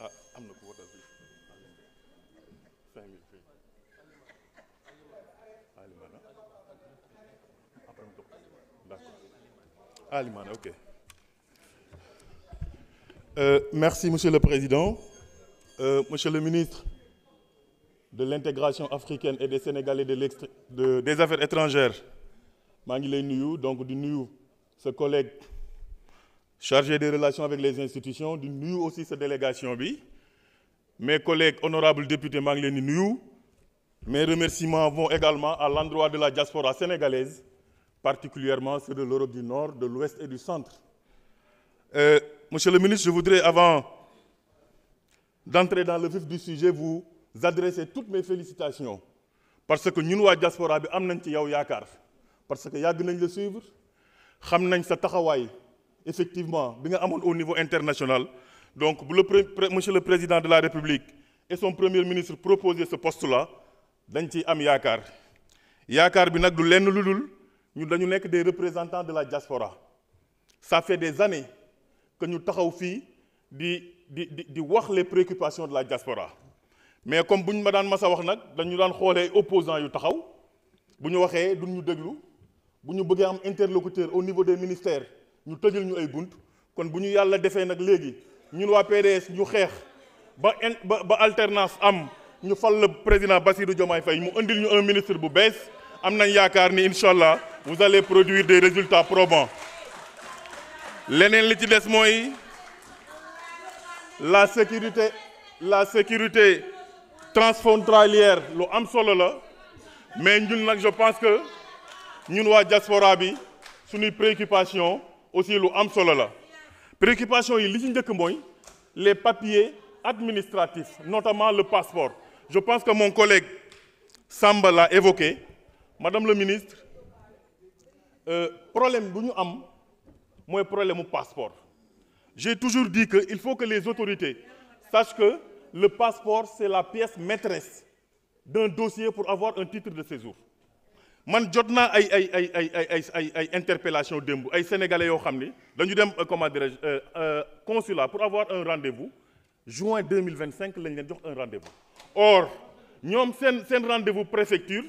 ah am na ku wotal bi cinq mille fii Alimana ah? après mu d'accord Alimana ok euh, merci monsieur le président euh, monsieur le ministre de l'intégration africaine et des Sénégalais de, de des affaires étrangères maa ngi lay nuyu donc di nuyu sa collègue chargé des relations avec les institutions di nuyu aussi sa délégation bi mes collègues honorables députés maa ngi leen di nuyu mes remerciements vont également à l'endroit de la diaspora sénégalaise particulièrement ceux de l'Europe du Nord de l'Ouest et du Centre euh, monsieur le ministre je voudrais avant d'entrer dans le vif du sujet vous adresser toutes mes félicitations parce que ñun waa diaspora bi am nañ ci yow yaakaar parce que yàgg nañ la suivre xam nañ sa taxawaay effectivement bi nga amoon au niveau international donc bu le monsieur le président de la république et son premier ministre proposé ce poste-là dañ ciy am yaakaar yaakaar bi nag du lenn lu dul ñu dañu nekk des représentant de la diaspora ça fait des années que ñu taxaw fii di di di di wax les préoccupations de la diaspora mais comme bu ñu ma daan masa wax nag dañu daan xoolee opposants yu taxaw bu ñu waxee duñ déglu bu ñu bëggee am interlocuteur au niveau des ministères ñu tëjal ñu ay bunt kon bu ñu yàlla defee nag léegi ñun waa PDS ñu xeex ba ba ba alternance am ñu fal la basi Bassirou Diomaye Faye mu indil ñu un ministre bu bees am nañ yaakaar ni incha allah vous allez produire des résultats probants leneen li ci des mooy la sécurité la sécurité transfrontalière lu am solo la mais ñun nag je pense que ñun waa diaspora bi suñuy préoccupation aussi lu am solo la préoccupation yi li ci njëkk mooy les papiers administratifs notamment le passeport je pense que mon collègue Samba l'a évoqué madame le ministre euh, problème bu ñu am mooy problème mu passeport j'ai toujours dit que il faut que les autorités sachent que le passeport c'est la pièce maîtresse d'un dossier pour avoir un titre de séjour man jot naa ay ay ay ay ay ay ay interpellation démb ay sénégalais yoo xam ni dañu dem euh, comment dirais-je euh, euh, consulat pour avoir un rendez-vous juin 2025 lañ leen jox un rendez-vous or ñoom seen seen rendez-vous préfecture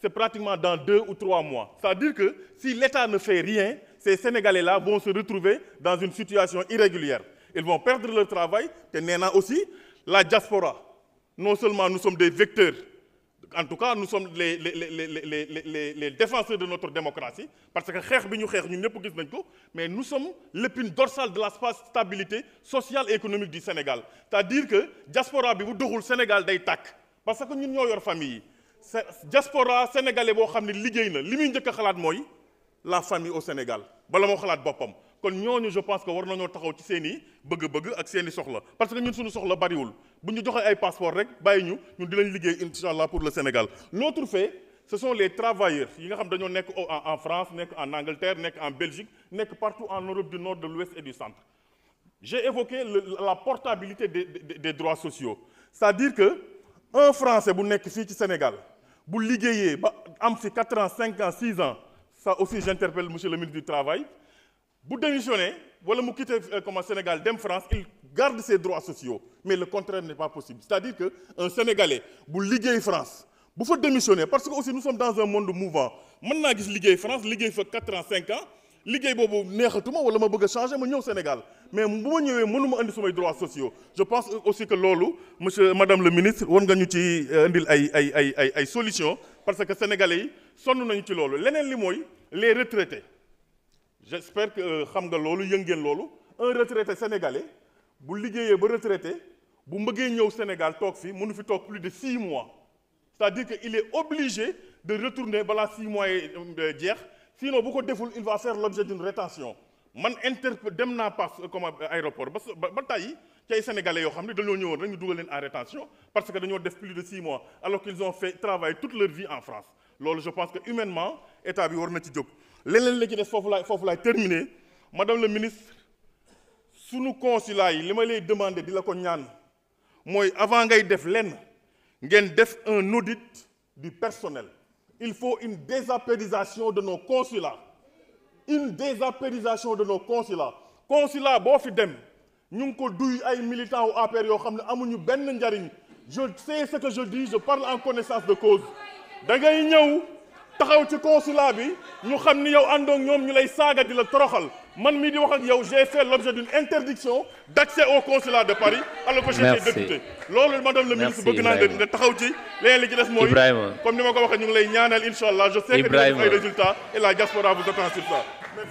c'est pratiquement dans deux ou trois mois c'est-à-dire que si l'État ne fait rien ces sénégalais-là vont se retrouver dans une situation irrégulière ils vont perdre leur travail te nee naa aussi la diaspora non seulement nous sommes des vecteurs en tout cas nous sommes les les les les les les défenseurs de notre démocratie parce que xeex bi ñu xeex ñu ñëpp gis nañ ko mais nous sommes l'épine dorsale de la stabilité sociale et économique du Sénégal c'est-à-dire que jaspora bi bu doxul Sénégal day tàkk parce que ñun ñoo yor famille yi jaspora sénégalais boo xam ne liggéey na li muy njëkk xalaat mooy la famille au Sénégal bala moo xalaat boppam. kon ñooñu je pense que war nañoo taxaw ci seen i bëgg-bëgg ak seen i soxla parce que ñun suñu soxla bariwul bu ñu joxee ay passeport rek bàyyi ñu ñun dinañ liggéey incha allah pour le Sénégal l'autre fait ce sont les travailleurs yi nga xam dañoo nekk en France nekk en Angleterre nekk en Belgique nekk partout en Europe du nord de l'ouest et du centre j'ai évoqué la portabilité des, des, des droits sociaux c'est-à-dire que un Français bu nekk fii ci Sénégal bu liggéeyee ba am fi quatre ans cinq ans six ans ça aussi j'interpelle monsieur le ministre bu démissionné wala mu quitté euh, comment Sénégal dem France il garde ses droits sociaux mais le contraire n'est pas possible c'est-à-dire que un Sénégalais bu liggéey France bu fa démissionné parce que aussi nous sommes dans un monde mouvant mën naa gis liggéey France liggéey fa quatre ans cinq ans liggéey boobu neexatuma wala ma bëgg a changer ma ñëw Sénégal mais bu ma ñëwee mënuma indi samay droits sociaux je pense aussi que loolu monsieur madame le ministre war nga ñu ci euh, indil ay ay ay ay ay parce que sénégalais sonn nañu ci loolu leneen li mooy les retraités j'espère que euh, xam nga loolu yëngeen loolu un retraité sénégalais bu liggéeyee ba retraité bu mbëggee ñëw Sénégal toog fi mënu fi toog plus de six mois c'est-à-dire que il est obligé de retourner balaa six mois yi euh, jeex sinon bu ko deful il va faire l'objet d'une rétention man interpe dem naa pass euh, comme aéroport ba ba tàyyi ci ay sénégalais yoo xam ne dañoo ñëwoon rek ñu dugal en rétention parce que dañoo def plus de six mois alors qu'ils ont fait vie en France loolu je pense que humainement état bi war na ci jóg leneen la ci des foofu laay foofu laay terminer madame la ministre sunu consulat yi li ma lay demander di la ko ñaan mooy avant ngay def lenn ngeen def un audit du personnel il faut une désapérisation de nos consulats une désapérisation de nos consulats consulat boo fi dem ñu ngi ko duy ay militants wu APR yoo xam ne amuñu benn njariñ je sais ce que je dis je parle en connaissance de cause da ñëw taxaw ci consulat bi ñu xam ni yow àndoog ñoom ñu lay saaga di la toroxal man mi di wax ak yow j'ai fait l'objet d'une interdiction d'accès au consulat de Paris alors que j'étais loolu madame le ministre bëgg naa nga taxaw ci léegi li ci des mooy Ibrahima comme ni ma ko waxee ñu ngi lay ñaanal incha allah je sais que dina am ay résultats et la diaspora vous attend sur ça merci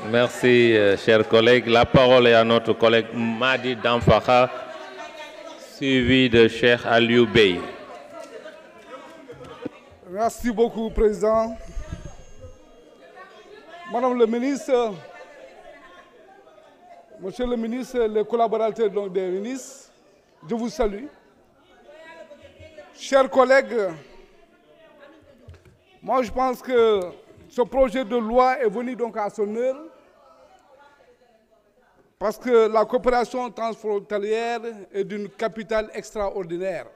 beaucoup merci chers collègues la parole est à notre collègue Madi Damfakha suivi de Cheikh Aliou beaucoup, Président. Madame le ministre, le ministre, les collaborateurs donc des ministres, je vous salue. Chers collègues, je pense que ce projet de loi est venu donc à son heure parce que la coopération transfrontalière est d'une capitale extraordinaire.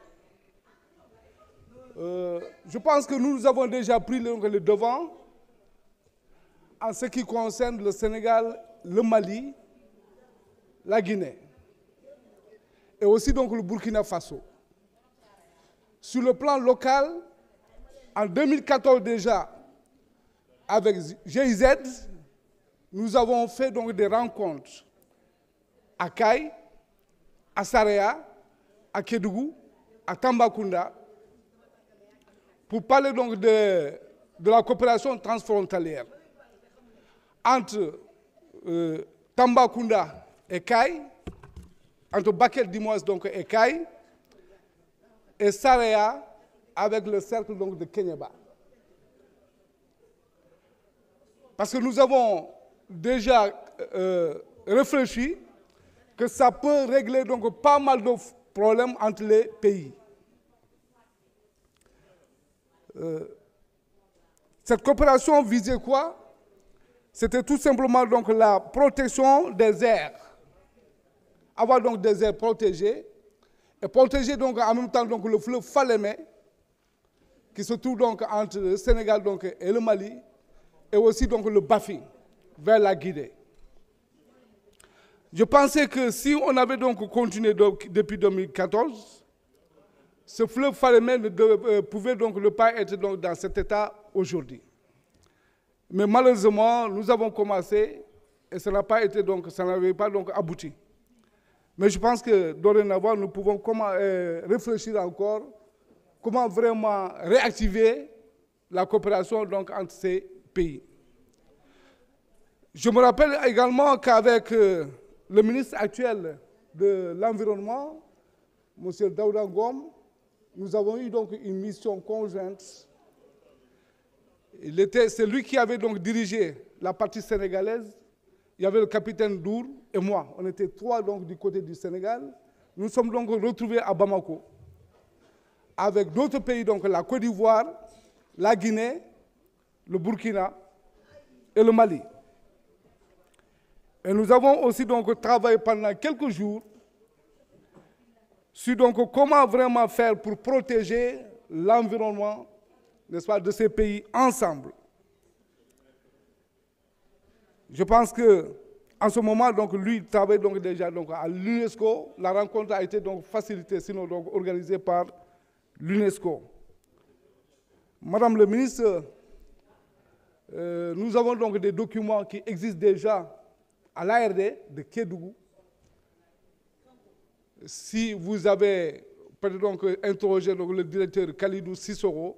Euh, je pense que nous, nous avons déjà pris le, le devant en ce qui concerne le Sénégal, le Mali, la Guinée et aussi donc le Burkina Faso. Sur le plan local, en 2014 déjà, avec GIZ, nous avons fait donc des rencontres a kay à Saraya à Kédougou à Tambacounda pour parler donc de de la coopération transfrontalière entre euh, Tambacounda et Kaay entre Bakel Dimois donc et Kaay et Saraya avec le cercle donc de Kéniéba parce que nous avons déjà euh, réfléchi que ça peut régler donc pas mal de problèmes entre les pays. Euh, cette coopération visait quoi? C'était tout simplement donc la protection des aires. Avoir donc des aires protégées et protéger donc en même temps donc le fleuve Falémé qui se trouve donc entre le Sénégal donc et le Mali et aussi donc le Bafi vers la Guinée. Je pensais que si on avait donc continué donc depuis 2014, ce fleuve Falémé ne euh, pouvait donc ne pas être donc dans cet état aujourd'hui. Mais malheureusement, nous avons commencé et ça n'a pas été donc, n'avait pas donc abouti. Mais je pense que dorénavant, nous pouvons comment, euh, réfléchir encore comment vraiment réactiver la coopération donc entre ces pays. Je me rappelle également qu'avec euh, le ministre actuel de l'Environnement, M. Daouda Ngom, nous avons eu donc une mission conjointe. C'est lui qui avait donc dirigé la partie sénégalaise. Il y avait le capitaine Dour et moi. On était trois donc du côté du Sénégal. Nous sommes donc retrouvés à Bamako avec d'autres pays, donc la Côte d'Ivoire, la Guinée, le Burkina et le Mali. Et nous avons aussi donc travaillé pendant quelques jours sur donc comment vraiment faire pour protéger l'environnement, n'est-ce pas, de ces pays ensemble. Je pense que en ce moment, donc, lui, il travaille donc déjà donc, à l'UNESCO. La rencontre a été donc facilitée, sinon organisée par l'UNESCO. Madame le ministre, euh, nous avons donc des documents qui existent déjà à l'ARD de Kédougou. Si vous avez peut donc interrogé donc, le directeur Khalidou Sissoro,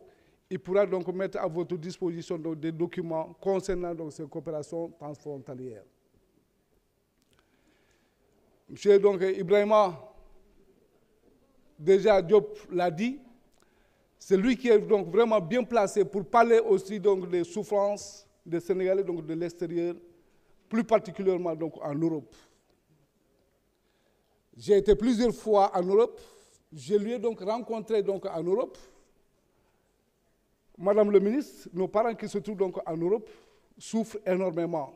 il pourra donc mettre à votre disposition donc, des documents concernant donc, ces coopérations transfrontalières. Monsieur donc Ibrahima, déjà Diop l'a dit, c'est lui qui est donc vraiment bien placé pour parler aussi donc des souffrances des Sénégalais donc de l'extérieur plus particulièrement donc en Europe. J'ai été plusieurs fois en Europe. Je lui ai donc rencontré donc en Europe. Madame le ministre, nos parents qui se trouvent donc en Europe souffrent énormément.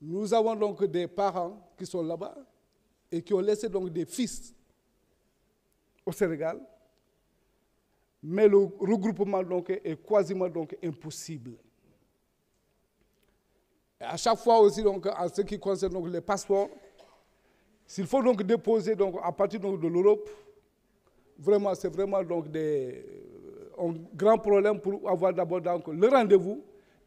Nous avons donc des parents qui sont là-bas et qui ont laissé donc des fils au Sénégal. Mais le regroupement donc est quasiment donc impossible. à chaque fois aussi, donc, en ce qui concerne donc, les passeports, s'il faut donc déposer donc, à partir donc, de l'Europe, vraiment, c'est vraiment donc, des, euh, un grand problème pour avoir d'abord donc, le rendez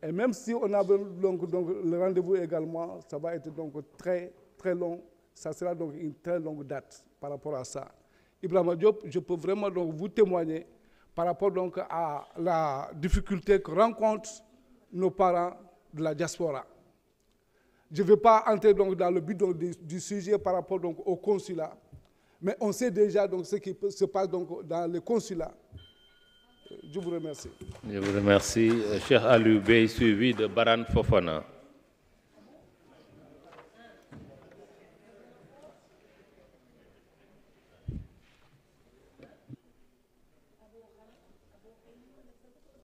Et même si on a donc, donc, le rendez-vous également, ça va être donc très, très long. Ça sera donc une très longue date par rapport à ça. Ibrahim Diop, je peux vraiment donc vous témoigner par rapport donc à la difficulté que rencontrent nos parents de la diaspora. Je ne vais pas entrer donc dans le but donc, du, sujet par rapport donc, au consulat, mais on sait déjà donc, ce qui se passe donc, dans le consulat. Je vous remercie. Je vous remercie. Euh, suivi de Baran Fofana.